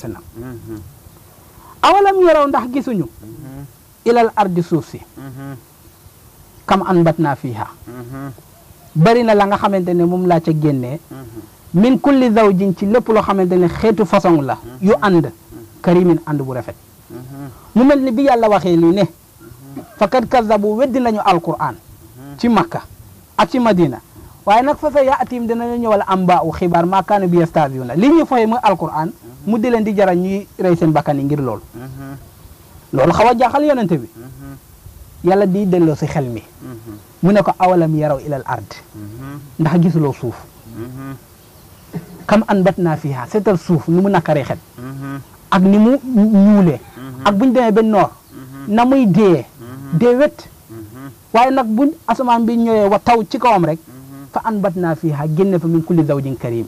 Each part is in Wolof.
sallam mm-hmm. awalam yaraw ndax gisuñu mm-hmm. ilal ardi suuf si mm-hmm. kam an bat naa bari na la nga xamante ne moom laa ca génnee min kulli zawjin ci lépp loo xamante ne xeetu façon la yu ànd karimin ànd bu rafet mu mel ni bi yàlla waxee lii ne fakat kazabu weddi nañu alquran ci makka ak ci madina waaye nag fa sa yaatim dinañu ñëwal am ba xibaar maa kaanu bi yastahzi'uuna li ñuy foyee mooy alquran mu di leen di jaral ñuy rey seen bakkan yi ngir loolu loolu xaw a jaaxal yonente bi yàlla di delloo si xel mi mu ne ko awalam yaraw ilal ard ndax gisuloo suuf kam an bat naa fiha seetal suuf ni mu nakkaree xet ak ni mu ñuulee ak buñ demee ba noor na muy dee dee wet waaye nag buñ asamaan bi ñëwee wa taw ci kawam rek fa an bat naa fiha génne fa min kulli zawjin karim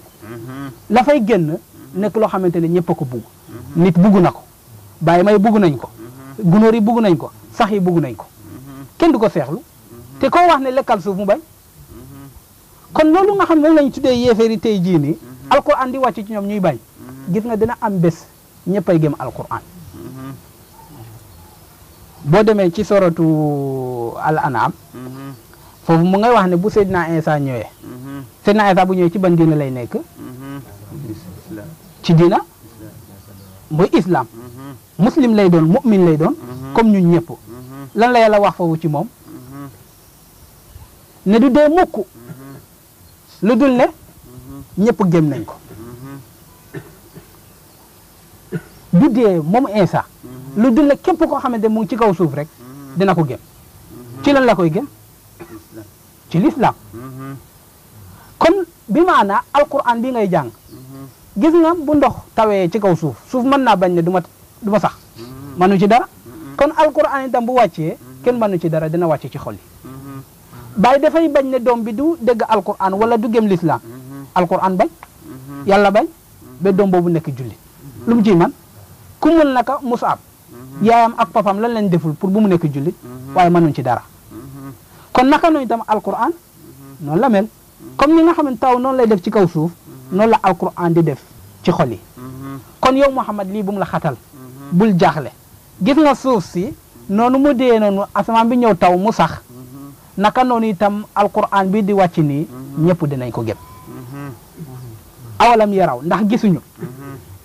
la génn Nek lo xamante ne ko nit bugu nako baye may bugu nañ ko gunori bugu nañ ko sax yi bugu nañ ko kenn du ko te ko wax ne lekkal suuf mu bay kon lolu nga xam ne lañ tuddee yéefeeri tay ji ni alquran di wacc ci ñom ñuy bay gis nga dina am bes ñeppay gem alquran bo demee ci suratu uh, al anam fofu mu ngay wax ne bu sayyidina isa ñëwee sayyidina isa bu ñëwee ci ban gene lay nekk ci diina mooy islam muslim lay doon mu'min lay doon comme ñu ñëpp lan la yàlla wax foofu ci moom ne du dee mukk lu dul ne ñëpp gëm nañ ko du dee moom Insa lu dul ne képp koo xamante mu ngi ci kaw suuf rek dina ko gëm ci lan la koy gëm ci l'islam kon bi maana alquran bi ngay jàng gis nga bu ndox tawee ci kaw suuf suuf mën naa bañ ne du ma du ma sax mënu mm-hmm. ci dara mm-hmm. kon alquran itam bu wàccee mm-hmm. kenn mënu ci dara dina wàcce ci xolli yi bàyyi dafay bañ ne doom bi du dégg alquran wala du gëm lislaam alquran bañ yàlla bañ ba doom boobu nekk julli lu mu ciy man ku mul naka musaab yaayam ak papam lan lañ deful pour bu mu nekk jullit waaye mënuñ ci dara kon naka noonu itam alquran noonu la mel comme ni nga xam ne taw noonu lay def ci kaw suuf noonu la alquran di def ci xol yi mhm. kon yow Muhammad lii bu mu la xatal mhm. bul jaaxle gis nga suuf si noonu mu dee noonu asamaan bi ñëw taw mu sax mhm. naka noonu itam alquran bi di wàcc nii ñëpp dinañ ko gëm awalam yaraw ndax gisuñu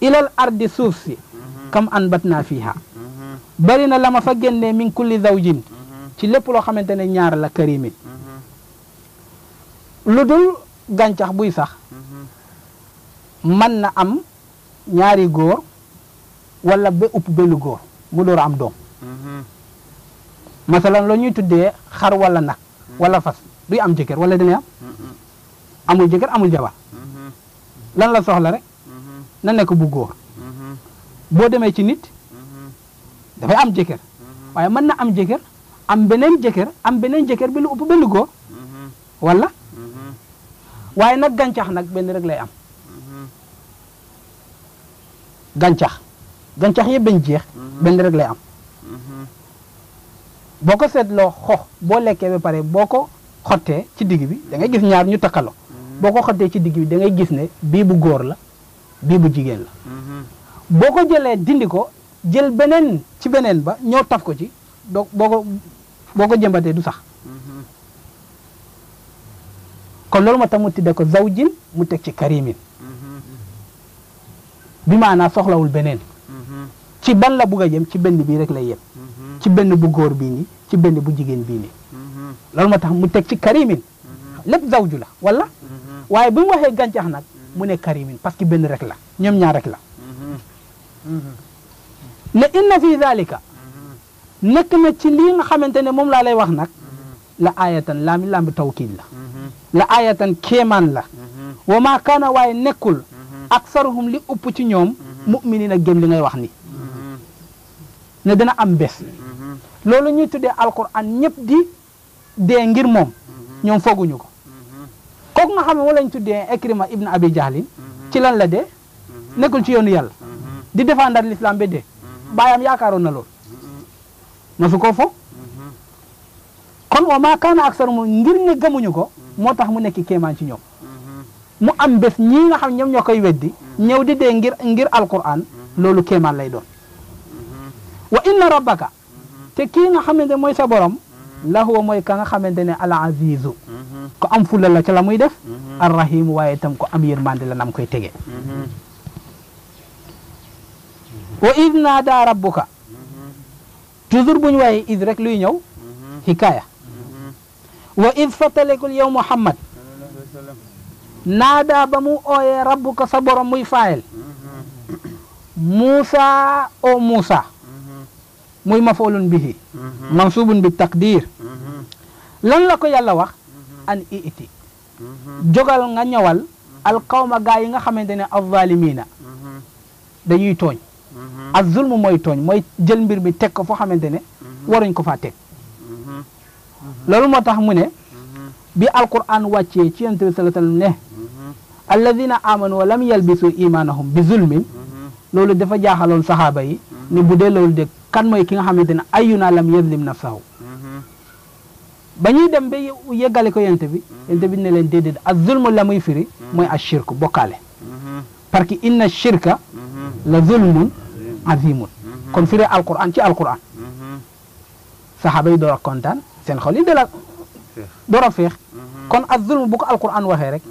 ilal ardi suuf si kam anbat naa fiiha bari na lama fa génnee min kulli zawjin ci lépp loo xamante ne ñaar la karimin lu dul gàncax buy sax mën na am ñaari góor walla ba upp benn góor mu door am doom mhm. masalan la ñuy tuddee xar wala nag wala fas duy am jëkkër wala dina am mhm. amul jëkkër amul jabar mhm. lan la soxla rek na nekk bu góor boo demee ci nit dafay am jëkkër waaye mën na am jëkkër am beneen jëkkër am beneen jëkkër bi lu upp benn góor wala waaye nag gàncax nag benn rek lay am gàncax gàncax yëpp dañ jeex. Mhm. benn rek lay am. Mhm. boo ko seetloo xox boo lekkee ba pare boo ko xottee ci digg bi dangay ngay gis ñaar ñu takkaloo. Mhm. boo ko xottee ci digg bi dangay gis ne bii bu góor la bii bu jigéen la. boo ko jëlee dindi ko jël beneen ci beneen ba ñoo taf ko ci donc boo ko boo ko jëmbatee du sax. kon loolu ma tam mu tuddee ko zawjin mu teg ci karimin bi maanaa soxlawul beneen mm-hmm. ci ban la bugg a ci benn bii rek lay yem mm-hmm. ci benn bu góor bii ci benn bu jigéen bii nii mm-hmm. loolu moo tax mu teg ci karimin lépp zawju la wala waaye bu mu waxee gàncax nag mu ne karimin parce que benn rek la ñoom ñaar rek la ne fi dalika nekk na ci lii nga xamante ne moom laa lay wax nag la ayatan laami laami tawkiid la la ayatan kéemaan la wa maa kaana waaye nekkul aksaruhum li ëpp ci ñoom mu'minin ak gém li ngay wax ni ne dana am bés loolu ñuy tuddee an ñëpp di dee ngir moom ñoom fooguñu ko kooku nga xam ne moo lañ tuddee Ikrima ibn Abi Jahlin ci lan la dee nekkul ci yoonu yàlla di défendre l'islam ba dee baayam yaakaaroon na lool masu ko fo kon wa maa kaana aksaruhum ngir ne gëmuñu ko moo tax mu nekk kéemaan ci ñoom mu am bés ñii nga xam ñoom ñoo koy weddi ñëw di dee ngir ngir alquran loolu kéemaan lay doon wa inna rabbaka te kii nga xamante mooy sa borom la huwa mooy ka nga xamante ne al azizu ko am fulla la ca la muy def ar rahim waaye itam ko am yërmande la nam koy tege wa id naada rabbuka toujours buñu waaye id rek luy ñëw hikaaya wa id fatalekul yow muhammad naa naadaa ba mu ooyee rabbuka sa borom muy faayel Muusa o Muusa muy ma mafoolun bihi mansubun bi taqdir lan la ko yàlla wax an iti jogal nga ñëwal alqawma gaa yi nga xamante ne azzalimina dañuy tooñ az zulmu mooy tooñ mooy jël mbir bi teg ko foo xamante ne waruñ ko faa teg loolu moo tax mu ne bi alquran wàccee ci yonent bi sallallahu alayhi ne alladina amanu wa lam yalbisu imanahum bi zulmin mm-hmm. loolu dafa jaaxaloon saxaaba yi mm-hmm. ni bu dee loolu de kan mooy ki nga xamante ne ayuna lam yazlim nafsahu mm-hmm. ba ñuy dem ba yeggale ko yente bi yente bi ne leen déedéet az zulmu la muy firi mooy as shirku bokkaale parce que inna shirka la zulmun azimun kon firi alquran ci alquran saxaaba yi door kontaan seen xol yi de la door feex kon az zulmu bu ko alquran waxee rek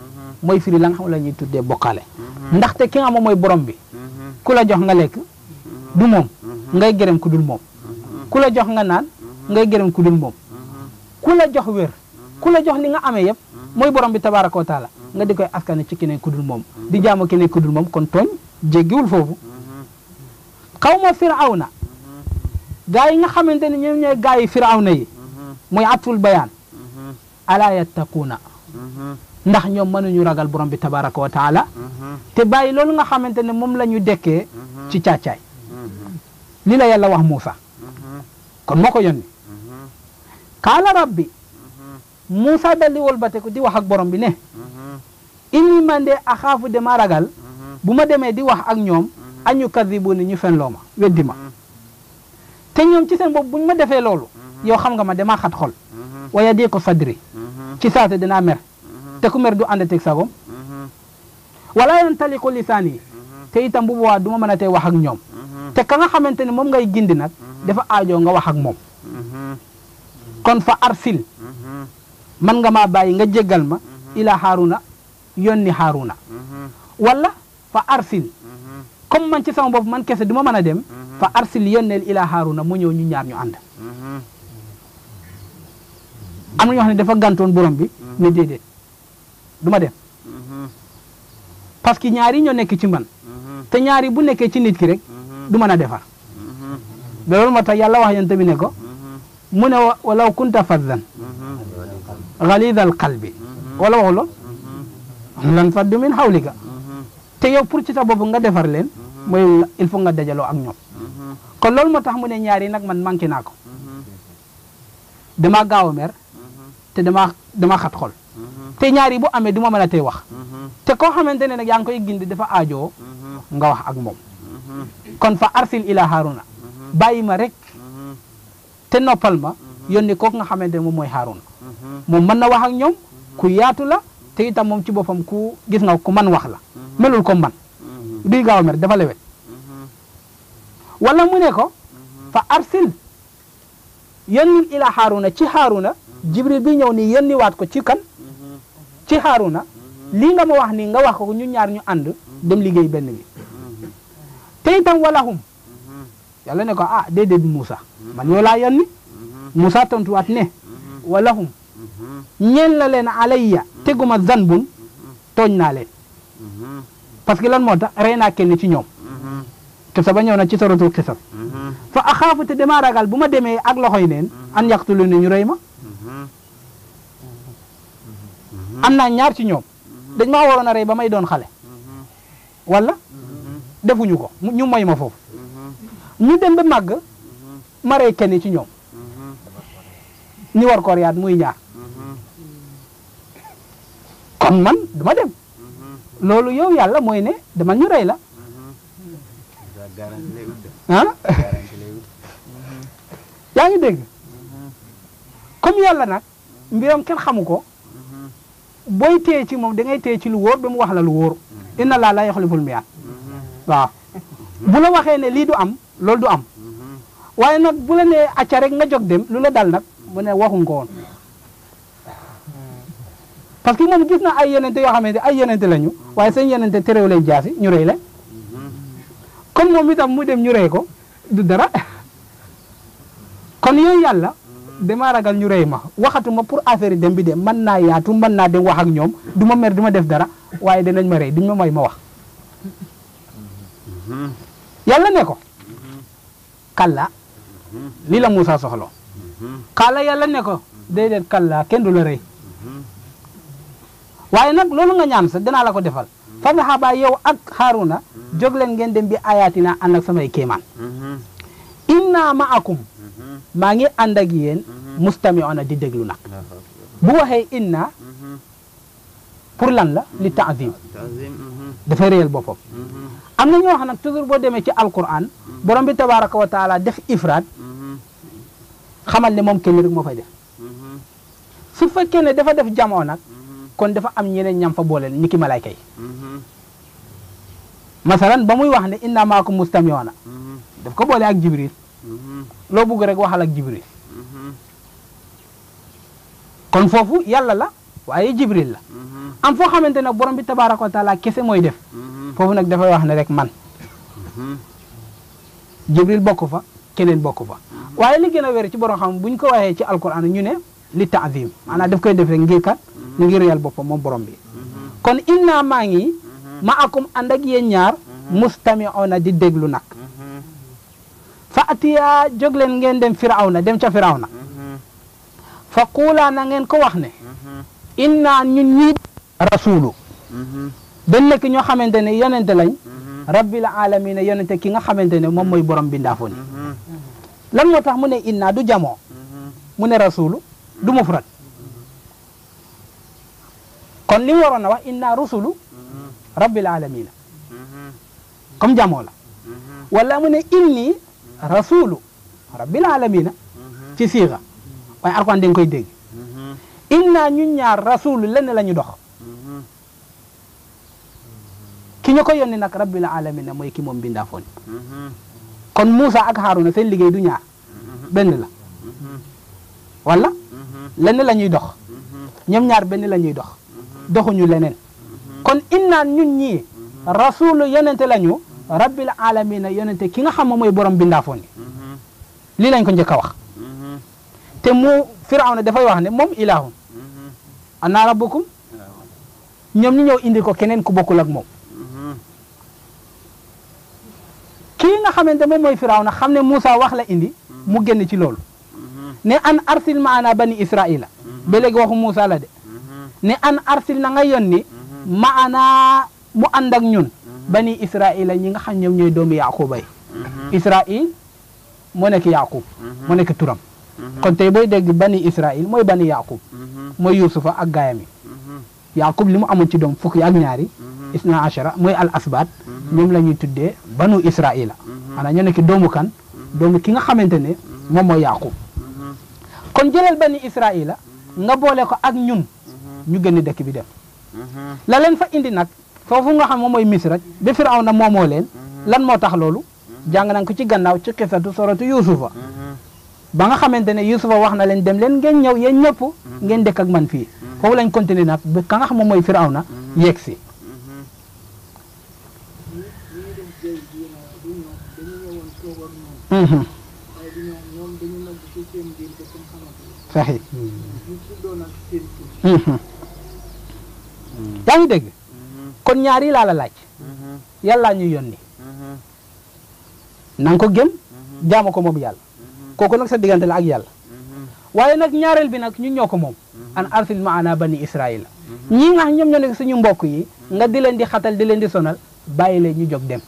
mooy firi la nga xam la ñuy tuddee bokkaale mhm. ndaxte ki nga xam mooy borom bi mhm. ku la jox nga lekk du moom mhm. ngay gërëm ku dul moom ku la jox nga naan ngay gërëm ku dul moom ku la jox wér ku la jox ni nga amee yëpp mooy borom bi tabaaraka wa nga di koy askane ci keneen ku dul moom di jaamu keneen ku dul moom kon tooñ jéggiwul foofu xawma firawna gaa yi nga xamante ni ñoom ñooy gaa yi firawna yi mooy atul bayaan ala yattaquuna ndax ñoom mënuñu ragal borom bi tabaraka wa taala te bàyyi loolu nga xamante ne moom la ñu dekkee ci caacaay li la yàlla wax Muusa kon moo ko yónni qaala rabbi Muusa daldi ko di wax ak borom bi ne inni man de axaafu dama ragal bu ma demee di wax ak ñoom añu kadibu ni ñu fen loo ma weddi ma te ñoom ci seen bopp buñ ma defee loolu yow xam nga ma dama xat xol waya di ko sadri ci saate dinaa mer te ku mer du àndanteeg sagoom wala yantaliku lisaani te itam bu boobaa du ma mën a tey wax ak ñoom te ka nga xamante ni moom ngay gindi nag dafa aajoo nga wax ak moom kon fa arsil man nga maa bàyyi nga jéggal ma ila Haruna yónni Haruna wala fa arsil comme man ci sama bopp man kese du ma mën a dem fa arsil yónneel ila Haruna moo ñëw ñu ñaar ñu ànd am na ñoo xam ne dafa gàntoon borom bi ne déedéet duma ma dem parce que ñaari ñoo nekk ci man te ñaari bu nekkee ci nit ki rek du man a defar loolu moo tax yàlla wax yonent bi ne ko mu ne walaw kunta faddan galida al qalbi wala waxu lool lan faddu min xawlika te yow pour ci sa bopp nga defar leen mooy il faut nga dajaloo ak ñoom kon loolu moo tax mu ne ñaari nag man manqué naa ko damaa gaaw a mer te dama dama xat xol te ñaar yi amee du ma mën a tey wax mhm. te koo xamante ne nag yaa ngi koy gindi dafa aajoo mhm. nga wax ak moom mhm. kon fa arsil ila haruna bàyyi ma rek te noppal ma yónni kooku nga xamante ne moom mooy haruna moom mën na wax ak ñoom ku yaatu la te itam moom ci boppam ku gis nga ku man wax la melul ko man duy gaaw mer dafa lewet wala mu ne ko fa arsil yónnil ila haruna ci haruna jibril bi ñëw ni yónni waat ko ci kan ci Haruna lii nga ma wax nii nga wax ko ñu ñaar ñu ànd dem liggéey benn bi te itam walahum yàlla ne ko ah déedéet Moussa man yow laa yónni Moussa tontuwaat ne walahum ñeen la leen alayya teguma zanbun tooñ naa leen parce que lan moo tax rey naa kenn ci ñoom kisa ba ñëw na ci sorotul kisas fa axaafu te dama ragal bu ma demee ak loxoy neen an yaqtulu ne ñu rey ma am naa ñaar ci ñoom dañ maa waroon a rey ba may doon xale wala defuñu ko ñu moy ma foofu ñu dem ba màgg ma rey kenn ci ñoom ñi war ko reyaat muy ñaar kon man duma dem loolu yow yàlla mooy ne dama ñu rey la ah yaa ngi dégg comme yàlla nag mbiram kenn xamu ko booy téye ci moom da ngay téye ci lu wóor ba mu wax la lu wóor mm-hmm. inna laa laa yaxliful miyaat mm-hmm. waaw mm-hmm. bu la waxee ne lii du am loolu du am waaye nag bu la nee acca nga jog dem lu la dal nag mu ne waxuñ ko woon parce que moom gis na ay yenente yoo xamante ay yenente lañu waaye seen yenente terew leen jaasi ñu rey leen comme moom itam mu dem ñu rey ko du dara kon yooyu yàlla damaa ragal ñu rey ma waxatuma pour affaire yi dem bi dem mën naa yaatu mën naa dem wax ak ñoom duma mer du def dara waaye danañ ma rey duñ ma may ma wax yàlla ne ko kalla lii la Moussa soxlo xaala yàlla ne ko déedéet kalla kenn du la rey waaye nag loolu nga ñaan sa danaa la ko defal fa nga xabaa yow ak Haruna jóg leen ngeen dem bi ayaatina ànd ak samay kéemaan inna maakum maa ngi ànd ak yéen mhm. mustamiuna di déglu nag bu waxee inna mhm. pour lan la li mhm. taazim ah, dafa réyal boppam am na ñoo wax nag toujours boo demee ci alquran borom bi tabaraka wa def ifraat xamal ne moom kenn rek moo fay def su fekkee ne dafa def jamoo nag kon dafa am ñeneen ñam fa booleel ñi ki malayka yi masalan ba muy wax ne inna maakum mustamiuna daf ko boole ak jibril loo bugg rek waxal ak jibril kon foofu yàlla la waaye jibril la am foo xamante ne borom bi tabaaraka wa kese mooy def foofu nag dafay wax ne rek man jibril bokk fa keneen bokk fa waaye li gën a wér ci borom xam bu ñu ko waxee ci alquran ñu ne li taazim maanaam daf koy def rek ngir kat ngir yàlla boppam moom borom bi kon inna maa ngi ma akum ànd ak yéen ñaar mustami'una di déglu nag faatiyaa jóg leen ngeen dem firawna dem ca firawna mm-hmm. fa quulaa na ngeen ko wax ne mm-hmm. innaa ñun ñii rasulu mm-hmm. dañ nekk ñoo xamante ne yonente lañ rabbil alamina yonente ki nga xamante ne moom mooy borom bindaafo ni lan moo tax mu ne innaa du jamoo mu ne rasulu du mufrad kon li waroon a wax innaa rusulu rabbil alamina comme jamoo la wala mu ne innii rasulu rabbil alamina mhm. ci siixa waaye alxuraan da nga koy dégg mhm. inna ñun ñaar rasulu lenn la ñu dox mhm. ki ñu ko yónni nag rabbil alamina mooy ki moom bindaafoon kon Moussa ak Haruna seen liggéey du ñaar benn la wala lenn la ñuy dox ñoom ñaar benn la ñuy dox doxuñu leneen kon innaan ñun ñi rasulu yonente la ñu rabbil alamina yonente ki nga xam mooy borom bindaafoon yi lii lañ ko njëkk a wax te mu firawna dafay wax ne moom ilahun ana rabbukum ñoom ñu ñëw indi ko keneen ku bokkul ak moom kii nga xamante moom mooy firawna xam ne Moussa wax la indi mu génn ci loolu ne an arsil maana bani israila ba waxu Moussa la de ne an arsil na nga yónni maana mu ànd ak ñun bani israila ñi nga xam ñoom ñooy doomu yaquba yi mhm. israil moo nekk yaqub mhm. moo nekk turam mhm. kon tey booy dégg bani israil mooy bani yaqub mooy yusufa ak gaayam yi yaqub li mu amoon ci doom fukki ak ñaari isna achara mooy al asbat ñoom la ñuy tuddee banu israila maanaam ñoo nekk doomu kan doomu ki nga xamante ne moom mooy yaqub kon jëlal bani israila nga boole ko ak ñun ñu génn dëkk bi dem la fa indi nag foofu nga xam moom mooy Misra rek na Firawna moomoo leen mm-hmm. lan moo tax loolu mm-hmm. jàng nañ ko ci gannaaw ci xisatu soratu Yuusufa mm-hmm. ba nga xamante ne Yuusufa wax na leen dem leen ngeen ñëw yéen ñëpp ngeen dëkk ak man fii foofu lañ continuer nag ba ka nga xam moom mooy Firawna yegg si saxi yaa ngi dégg kon ñaari la la laaj mhm. yalla ñu yoni hmm nang ko gem mhm. jaama ko moom yàlla mhm. koku nak sa digante la ak hmm waye nak ñaarel bi nak ñun ñoko mom an arsil maana bani Israel, ñi nga ñom ñoo nek suñu mbokk yi nga di leen di xatal di leen di sonal bayile ñu jog dem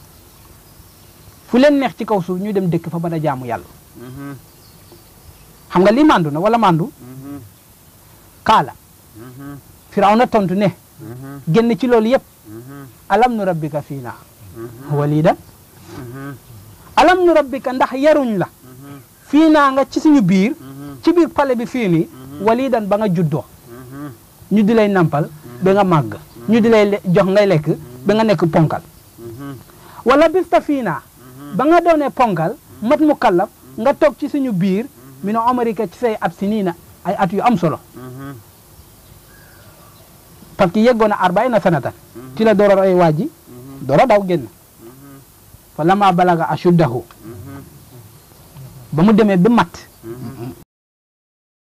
fu leen neex ci kawsu ñu dem dekk fa bana jaamu yalla hmm xam nga li mandu na wala mandu hmm firawna tontu ne genn ci alam nu rabbika fiina walida alam nu rabbika ndax yaruñ la fii naa nga ci suñu biir ci biir pale bi fii nii walidan ba nga juddoo ñu di lay nampal ba nga màgg ñu di lay jox ngay lekk ba nga nekk ponkal wala bista fii naa ba nga doonee ponkal mat mu kallaf nga toog ci suñu biir mi ne omarika ci say at si nii na ay at yu am solo parce que yeggoon a arbaina sanatan ci la door a roy waa ji door a daw génn fa lama mhm. ba mu demee ba mat mhm.